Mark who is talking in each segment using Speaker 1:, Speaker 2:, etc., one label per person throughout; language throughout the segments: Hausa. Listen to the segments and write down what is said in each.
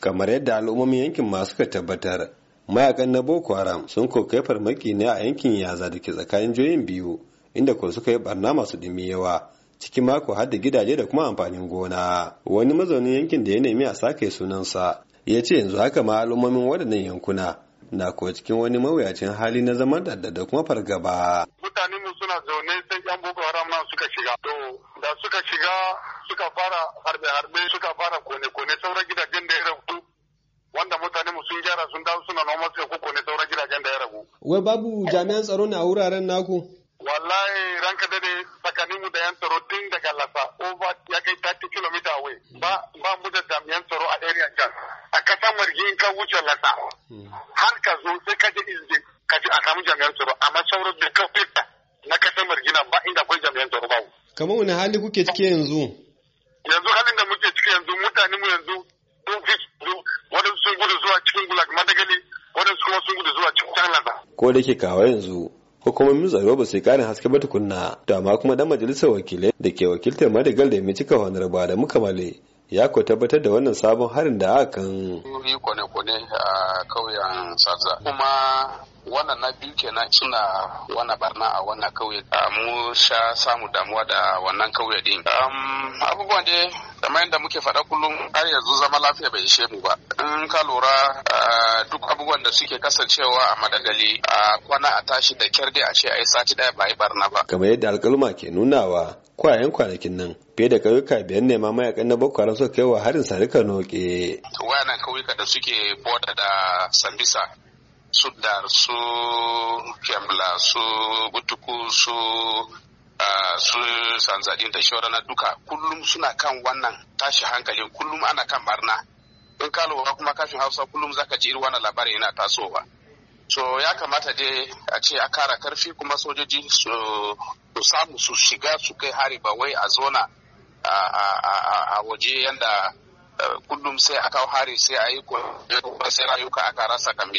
Speaker 1: kamar yadda al'ummomin yankin ma suka tabbatar mayakan na boko haram sun kokai farmaki ne a yankin yaza da ke tsakanin joyin biyu inda ko suka yi barna masu dumi yawa cikin mako har da gidaje da kuma amfanin gona wani mazaunin yankin da ya nemi a sake sunansa ya ce yanzu haka ma al'ummomin waɗannan yankuna na ko cikin wani mawuyacin hali na zaman da kuma fargaba mutanen mu suna zaune sai yan boko haram suka shiga to da suka shiga suka fara harbe-harbe suka fara kone Wai babu jami'an tsaro a wuraren naku? Wallahi ranka dade tsakaninmu da yan tsaro tun daga Lasa
Speaker 2: over ya kai 30 km away. Ba ba mu da jami'an tsaro a area can. A kasan marge in ka wuce Lasa. Hmm. Har ka zo sai ka je izini ka ji a samu jami'an tsaro amma sauran da ka fita na kasan margina ba inda akwai jami'an tsaro ba.
Speaker 1: Kamar wani hali kuke cike yanzu? ko da ke kawo yanzu hukumomin tsaro ba su yi karin haske ba tukunna to amma kuma dan majalisar wakilai da ke wakiltar madigal da mai cika ba da muka male ya ko tabbatar da wannan sabon harin da aka kan
Speaker 2: yi kone-kone a kauyen sarza kuma wannan na biyu kenan suna wannan barna a wannan kauye mu sha samu damuwa da wannan kauye din abubuwan dai kamar yadda muke faɗa kullum har yanzu zama lafiya bai ishe mu ba in ka lura duk abubuwan da suke kasancewa a madagali a kwana a tashi da kyar dai a ce a yi sati ɗaya ba yi barna ba
Speaker 1: kamar yadda alƙaluma ke nunawa kwayan kwanakin nan fiye da kauyuka biyar ne ma mayakan na boko haram suka kai wa harin sarika noke
Speaker 2: wayanan kauyuka da suke boda da sambisa su dar su kyamla su butuku su su sanzadin da na duka kullum suna kan wannan tashi hankali kullum ana kan barna in ka lura kuma kafin hausa kullum zaka ji irin wannan labarin yana tasowa so ya kamata dai a ce a kara karfi kuma sojoji su samu su shiga su kai hari ba wai a zona a waje yanda kullum sai a kawo hari sai a yi sai rayuka
Speaker 1: aka rasa kame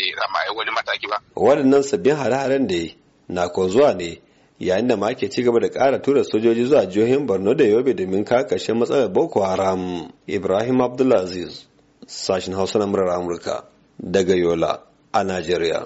Speaker 1: wani mataki ba waɗannan sabbin hare-haren da na ko zuwa ne yayin da ma ke ci gaba da ƙara tura sojoji zuwa jihohin borno da yobe domin kawo matsalar boko haram ibrahim abdulaziz sashen hausa na murar amurka daga yola a najeriya